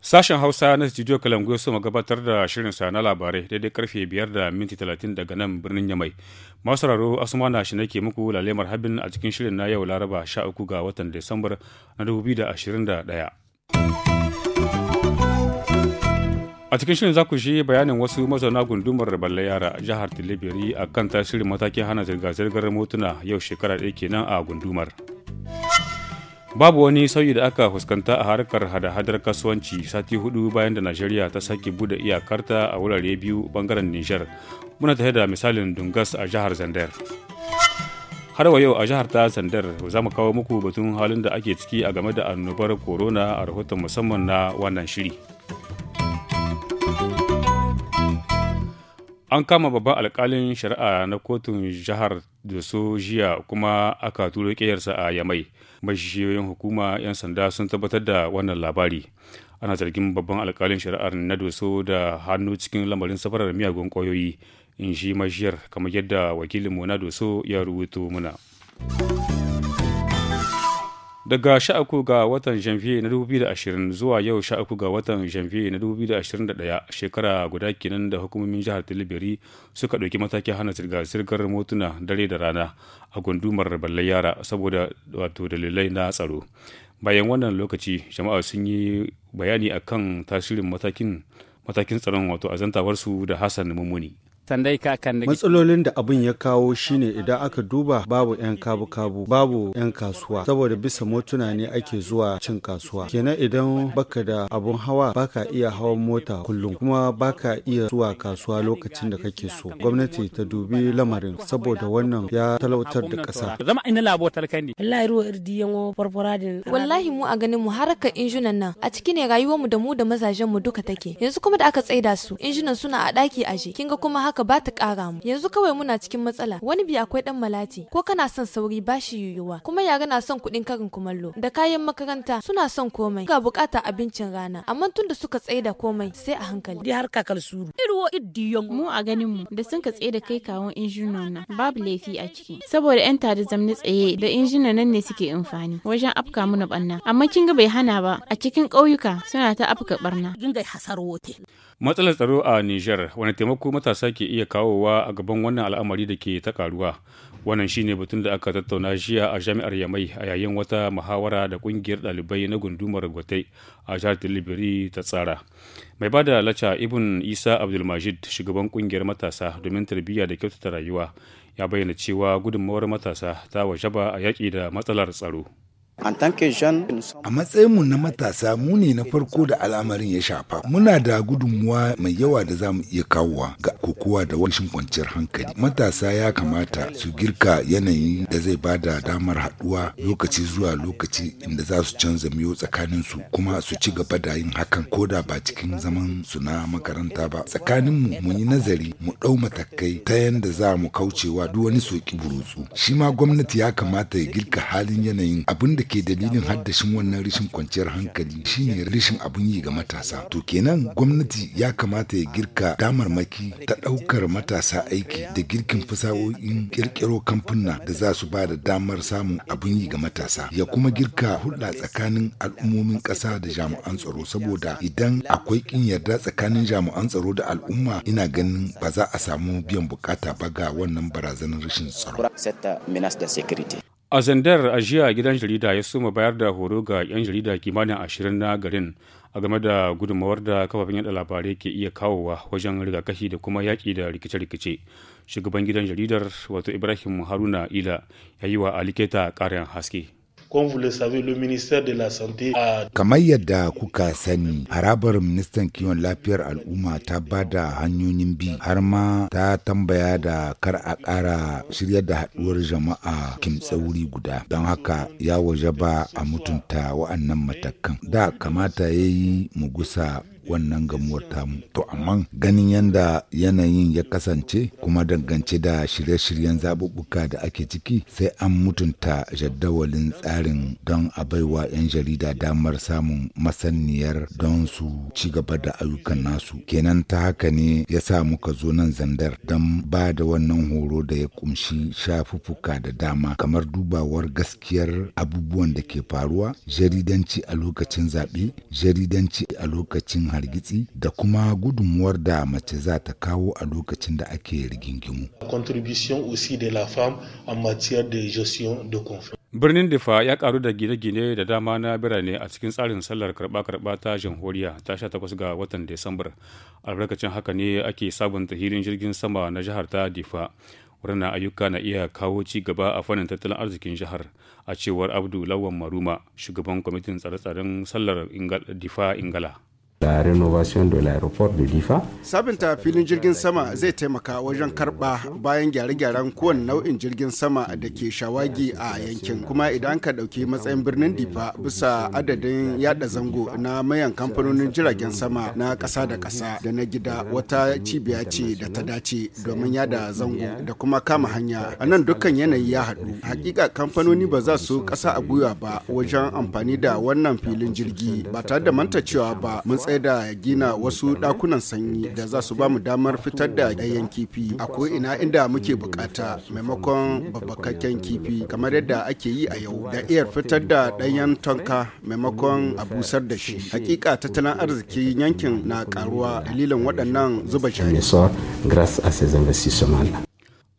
Sashen Hausa na studio Kalangu su gabatar da shirin sa na labarai daidai karfe 5 da minti 30 daga nan birnin Yamai. Masu raro Asmana shi nake muku lalemar habin a cikin shirin na yau Laraba sha 13 ga watan Disambar na 2021. a cikin shirin za ku shi bayanin wasu mazauna gundumar balle yara jihar tilibiri a kan tasirin matakin hana zirga-zirgar motuna yau shekara ɗaya kenan a gundumar babu wani sauyi da aka fuskanta a harkar hada-hadar kasuwanci sati hudu bayan da najeriya ta sake bude iyakarta a wurare biyu bangaren niger muna tare da misalin dungas a jihar zandar har wa yau a jihar ta zandar za mu kawo muku batun halin da ake ciki a game da annobar corona a rahoton musamman na wannan shiri. an kama babban alkalin shari'a na kotun jihar doso jiya kuma aka turo kiyarsa a yamai mashiyoyin hukuma 'yan sanda sun tabbatar da wannan labari ana zargin babban alkalin shari'ar na doso da hannu cikin lamarin safarar miyagun kwayoyi in shi mashiyar kamar yadda wakilinmu na doso ya rubuto muna. daga 13 ga watan janvier na 2020 zuwa yau 13 ga watan janvier na 2021 shekara guda kenan da hukumomin jihar tilibiri suka ɗauki matakin hana zirga-zirgar motuna dare da rana a gundumar balle yara saboda wato dalilai na tsaro bayan wannan lokaci jama'a sun yi bayani akan tasirin matakin matakin tsaron wato azantawarsu da hassan mummuni tandai ka kan matsalolin da abin ya kawo shine idan aka duba babu yan kabu kabu babu yan kasuwa saboda bisa motuna ne ake zuwa cin kasuwa kenan idan baka da abun hawa baka iya hawan mota kullum kuma baka iya zuwa kasuwa lokacin da kake so gwamnati ta dubi lamarin saboda wannan ya talautar da kasa zama ina labo talkandi wallahi ruwa irdi yango farfaradin wallahi mu a ganin mu haraka injunan nan a ciki ne rayuwar mu da mu da mazajen mu duka take yanzu kuma da aka tsaida su injunan suna a daki aje kinga kuma haka ka ba ta ƙara mu. Yanzu kawai muna cikin matsala. Wani bi akwai dan malati ko kana son sauri bashi shi Kuma yara na son kuɗin karin kumallo da kayan makaranta suna son komai. Ga bukata abincin rana amma tunda da suka da komai sai a hankali. Di harka kalsuru. Irwo iddiyon. Mu a ganin mu da sun ka tsaye da kai kawon injinan nan babu laifi a ciki. Saboda 'yan tare zamni tsaye da injinan nan ne suke amfani wajen afka na ɓanna. Amma kin ga bai hana ba a cikin ƙauyuka suna ta afka ɓarna. Dinga hasar wote. matsalar tsaro a niger wani taimako matasa ke iya kawowa a gaban wannan al'amari da ke ta karuwa wannan shine batun da aka tattauna jiya a jami'ar yamai a yayin wata muhawara da kungiyar ɗalibai na gundumar gwatai a jihar tilibiri ta tsara mai bada lacha ibn isa abdulmajid shugaban kungiyar matasa domin tarbiyya da kyautata rayuwa ya bayyana cewa gudunmawar matasa ta wajaba a yaƙi da matsalar tsaro A matsayinmu na matasa mu ne na farko da al'amarin ya shafa. Muna da gudunmuwa mai yawa da za mu iya kawowa ga kokowa da rashin kwanciyar hankali matasa ya kamata su girka yanayin da zai ba da damar haɗuwa lokaci zuwa lokaci inda za su canza miyo tsakanin su kuma su ci gaba da yin hakan ko da ba cikin zaman su na makaranta ba tsakanin mu mun yi nazari mu ɗau matakai ta yanda za mu kaucewa duk wani soki burutsu shi ma gwamnati ya kamata ya girka halin yanayin abin da ke dalilin haddashin wannan rashin kwanciyar hankali shine rashin abun yi ga matasa to kenan gwamnati ya kamata ya girka damarmaki ta ɗaukar matasa aiki da girkin fasahohin ƙirƙiro kamfuna da za su ba da damar samun abin yi ga matasa ya kuma girka hulɗa tsakanin al'ummomin ƙasa da jami'an tsaro saboda idan akwai ƙin yarda tsakanin jami'an tsaro da al'umma ina ganin ba za a samu biyan bukata ba ga wannan barazanar rashin tsaro. A zandar ajiya gidan jarida ya suma bayar da horo ga 'yan jarida kimanin ashirin na garin a game da gudunmawar da kafafen yada labarai ke iya kawowa wajen rigakafi da kuma yaƙi da rikice-rikice shugaban gidan jaridar wato ibrahim haruna ila ya yi wa aliketa ƙarin haske Kamar yadda kuka sani, harabar ministan kiwon lafiyar al'umma ta ba da hanyoyin bi har ma ta tambaya da kar a ƙara shirya da haɗuwar jama'a kim tsauri guda. Don haka ya waje ba a mutunta wa'annan matakan. Da kamata ya yi mu gusa wannan gamuwar tamu to amma ganin yadda yanayin ya kasance kuma dangance da shirye-shiryen zaɓuɓɓuka da ake ciki sai an mutunta jaddawalin tsarin don a baiwa 'yan jarida damar samun masaniyar don su ci gaba da ayyukan nasu kenan ta haka ne ya sa muka zo nan zandar don ba da wannan horo da ya kumshi shafuffuka da dama kamar dubawar gaskiyar abubuwan da ke faruwa jaridanci a lokacin zaɓe jaridanci a lokacin hargitsi da kuma gudunmuwar da mace za ta kawo a lokacin da ake rigingimu. Birnin Difa ya karu da gine-gine da dama na birane a cikin tsarin sallar karba-karba ta jamhuriya ta takwas ga watan Desambar. Albarkacin haka ne ake sabunta hirin jirgin sama na jihar ta Difa. wurin ayyuka na iya kawo ci gaba a fannin tattalin arzikin jihar a cewar abdu lawan maruma shugaban kwamitin tsare-tsaren sallar difa ingala La renovation de l'aéroport de Difa. Sabinta filin jirgin sama zai taimaka wajen karba bayan gyare-gyaren kowane nau'in jirgin sama da ke shawagi a yankin. Kuma idan ka ɗauki matsayin birnin Difa bisa adadin yada zango na mayan kamfanonin jiragen sama na kasa da kasa da na gida wata cibiya ce da ta dace domin yada zango da kuma kama hanya. A nan dukkan yanayi ya haɗu. Hakika kamfanoni ba za su kasa a gwiwa ba wajen amfani da wannan filin jirgi ba tare da manta cewa ba mun da gina wasu dakunan sanyi da za su ba mu damar fitar da ɗayan kifi a ina inda muke bukata maimakon babbakakken kifi kamar yadda ake yi a yau da iya fitar da ɗanyen tonka maimakon a busar da shi hakika tattalin arziki yankin na karuwa dalilin waɗannan zuba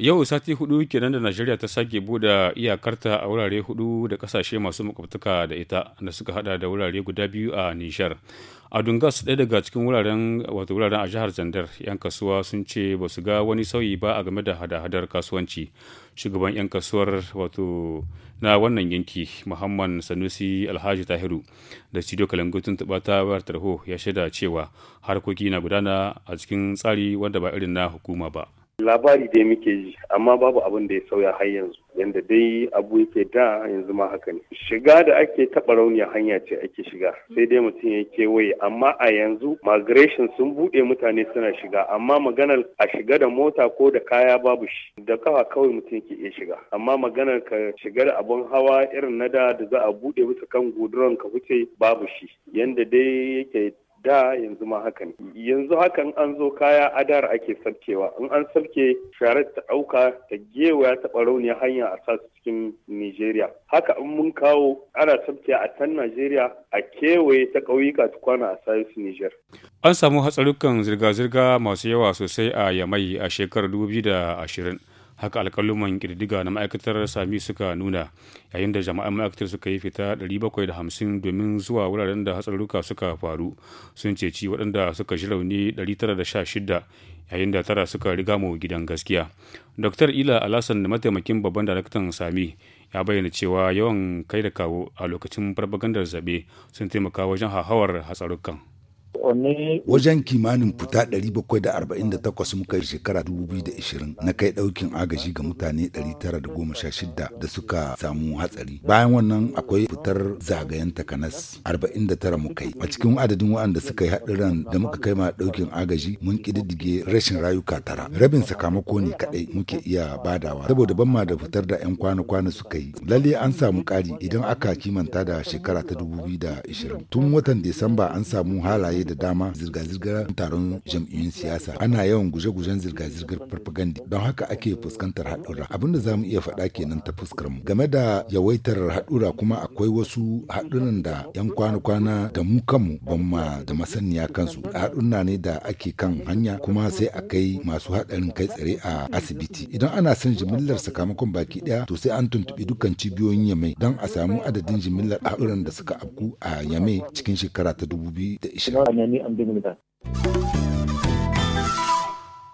yau sati hudu kenan da najeriya ta sake bude iyakarta a wurare hudu da kasashe masu makwabtaka da ita da suka hada da wurare guda biyu a nishar a dungas ɗaya daga cikin wuraren wato wuraren a jihar zandar yan kasuwa sun ce ba su ga wani sauyi ba a game da hada-hadar kasuwanci shugaban yan kasuwar wato na wannan yanki muhammad sanusi alhaji tahiru da studio kalangutun tuba ta bayar tarho ya shaida cewa harkoki na gudana a cikin tsari wanda ba irin na hukuma ba labari dai muke ji amma babu abin da ya sauya har yanzu yanda dai abu yake da yanzu ma haka ne shiga da ake taɓa rauniya hanya ce ake shiga sai dai mutum ya kewaye amma a yanzu migration sun buɗe mutane suna shiga amma maganar a shiga da mota ko da kaya babu shi da kafa kawai mutum ke iya shiga amma maganar ka shiga da abun hawa irin na da za a buɗe bisa kan guduran ka wuce babu shi yanda dai yake da yanzu ma ne yanzu hakan an zo kaya adar ake sabkewa in an sabke sharar ta ɗauka ta ya ta rauni hanya a sa cikin nigeria haka in mun kawo ana sarke a can nigeria a kewaye ta ƙauyuka tukwana a sayo su niger an samu hatsarukan zirga-zirga masu yawa sosai a yamai a shekarar 2020 haka alkaluman kirdiga na ma'aikatar sami suka nuna yayin da jama'an ma'aikatar suka yi fita 750 domin zuwa wuraren da hatsarurruka suka faru sun ceci waɗanda suka ji rauni 916 yayin da tara suka riga mu gidan gaskiya dr ila alasan da mataimakin babban daraktan sami ya bayyana cewa yawan kai da kawo a lokacin farfagandar zabe sun taimaka wajen hauhawar hatsarurrukan Wajen kimanin fita 748 muka yi shekara 2020 na kai ɗaukin agaji ga mutane 916 da suka samu hatsari. Bayan wannan akwai fitar zagayen takanas 49 muka yi. A cikin adadin waɗanda suka yi haɗuran da muka kai ma ɗaukin agaji mun ƙididdige rashin rayuka tara. Rabin sakamako ne kaɗai muke iya badawa. Saboda ban ma da fitar da 'yan kwana-kwana suka yi. Lalle an samu ƙari idan aka kimanta da shekara ta 2020. Tun watan Desamba an samu halaye da dama zirga-zirgar taron jam'iyyun siyasa ana yawan guje-gujen zirga-zirgar farfaganda don haka ake fuskantar haɗura abin da za mu iya faɗa kenan ta fuskar mu game da yawaitar haɗura kuma akwai wasu haɗuran da 'yan kwana-kwana da mu kanmu ban ma da masaniya kansu haɗuna ne da ake kan hanya kuma sai a kai masu haɗarin kai tsare a asibiti idan ana son jimillar sakamakon baki ɗaya to sai an tuntuɓi dukkan cibiyoyin yamai don a samu adadin jimillar haɗuran da suka afku a yamai cikin shekara ta 2020 tsanani an bin da.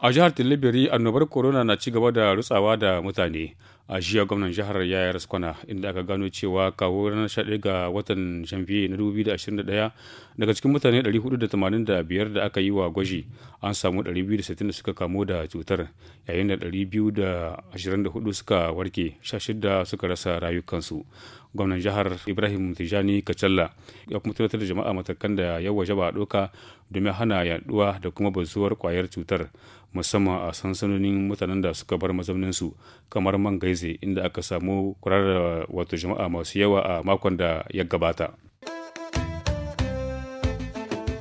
a jihar tilibiri annobar corona na ci gaba da rutsawa da mutane a jiya gwamnan jihar yaya raskwana inda aka gano cewa kawo ranar shaɗe ga watan janvier na 2021 daga cikin mutane 485 da aka yi wa gwaji an samu 260 da suka kamu da cutar yayin da 224 suka warke 16 suka rasa rayukansu gwamnan jihar ibrahim tijani kacalla ya kuma tunatar da jama'a matakan da ya waje ba doka domin hana yaduwa da kuma bazuwar kwayar cutar musamman a sansanonin mutanen da suka bar mazauninsu kamar man gaize inda aka samu kurar wato jama'a masu yawa a makon da ya gabata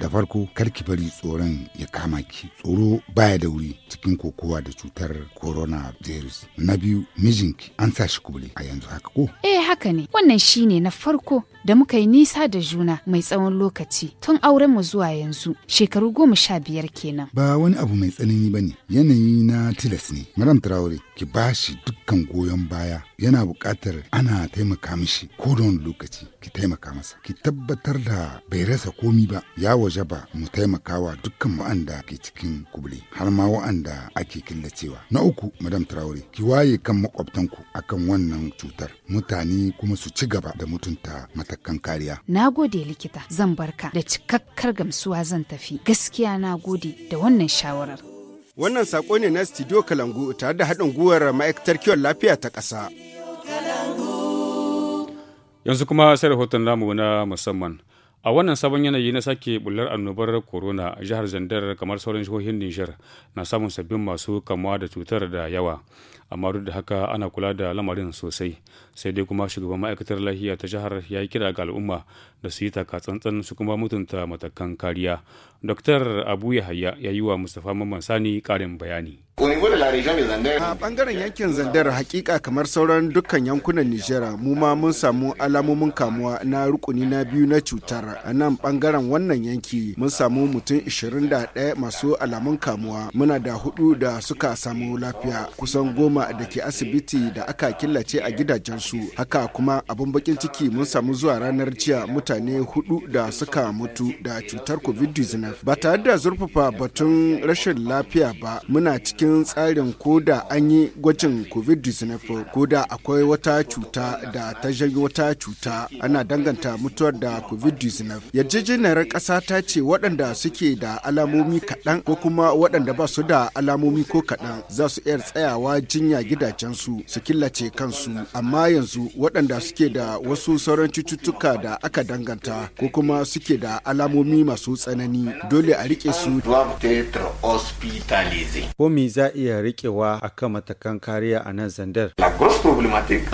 da farko karki bari tsoron ya kama ki tsoro baya da wuri cikin kokowa da cutar coronavirus na biyu mijinki an sa shi kubule a yanzu haka ko eh haka ne wannan shine na farko da muka yi nisa da juna mai tsawon lokaci tun auren mu zuwa yanzu shekaru goma sha biyar kenan ba wani abu mai tsanani ba ne yanayi na tilas ne madam traore ki ba shi dukkan goyon baya yana buƙatar ana taimaka mishi ko da wani lokaci ki taimaka masa ki tabbatar da bai rasa komi ba yawo waje ba mu taimakawa dukkan wa'anda ke cikin kubli har ma wa'anda ake killacewa. Na uku Madam Traore ki waye kan makwabtanku akan wannan cutar mutane kuma su ci gaba da mutunta matakan kariya. Na gode likita zan barka da cikakkar gamsuwa zan tafi gaskiya na gode da wannan shawarar. Wannan sako ne na Studio Kalangu tare da haɗin gwiwar ma'aikatar kiwon lafiya ta ƙasa. Yanzu kuma sai rahoton namu na musamman. a wannan sabon yanayi na sake bullar annobar corona jihar zandar kamar sauran jihohin Niger na samun sabbin masu kamuwa da cutar da yawa amma duk da haka ana kula da lamarin sosai sai dai kuma shugaban ma'aikatar lafiya ta jihar ya yi kira ga al'umma da su yi taka tsantsan su kuma mutunta matakan kariya dr abu yahaya ya yi wa mustapha mamman sani karin bayani a bangaren yankin zandar hakika kamar sauran dukkan yankunan nijera mu ma mun samu alamomin kamuwa na rukuni na biyu na cutar a nan bangaren wannan yanki mun samu mutum 21 masu alamun kamuwa muna da hudu da suka samu lafiya kusan goma al'umma da ke asibiti da aka killace a gidajensu haka kuma abin bakin ciki mun samu zuwa ranar jiya mutane hudu da suka mutu da cutar covid-19 ba tare da zurfafa batun rashin lafiya ba muna cikin tsarin ko da an yi gwajin covid-19 ko da akwai wata cuta da ta janyo wata cuta ana danganta mutuwar da covid-19 yarjejeniyar ƙasa ta ce waɗanda suke da alamomi kaɗan ko kuma waɗanda ba su da alamomi ko kaɗan za su iya tsayawa jinya sanya gidajen su killace kansu amma yanzu waɗanda suke da wasu sauran cututtuka da aka danganta ko kuma suke da alamomi masu tsanani dole a rike su. Ko me za iya rikewa a kan matakan kariya a nan zandar?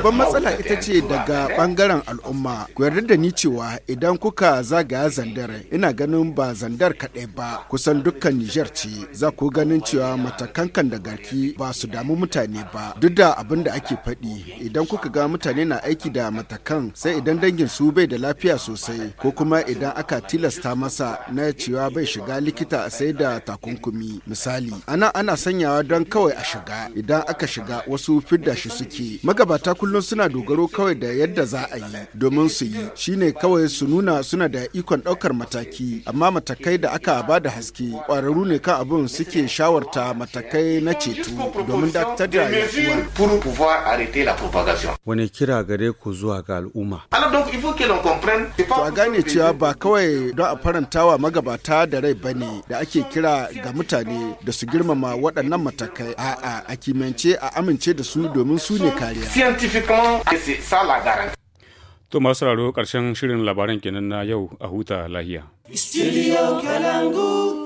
Ban matsala ita ce daga ɓangaren al'umma. Ku yarda da ni cewa idan kuka zagaya zandar ina ganin ba zandar kaɗai ba kusan dukkan Nijar ce za ku ganin cewa matakan kan da garki ba su damu mutane ba duk da abin da ake faɗi idan kuka ga mutane na aiki da matakan sai idan dangin su bai da lafiya sosai ko kuma idan aka tilasta masa na cewa bai shiga likita sai da takunkumi misali ana ana sanyawa don kawai a shiga idan aka shiga wasu fidda shi suke magabata kullum suna dogaro kawai da yadda za a yi domin su yi shine kawai su nuna suna da ikon ɗaukar mataki amma matakai da aka ba da haske ƙwararru ne kan abin suke shawarta matakai na ceto domin ta da pour pouvoir arrêter la propagation. est kira gare ku zuwa ga al'umma. Alors donc il faut que l'on comprenne c'est pas gane cewa ba kawai don a farantawa magabata da rai bane da ake kira ga mutane da su girmama waɗannan matakai a a a kimance a amince da su domin su ne kariya. Scientifiquement c'est ça la garantie. To masu sauraro karshen shirin labaran kenan na yau a huta lahiya. Studio Kalangu.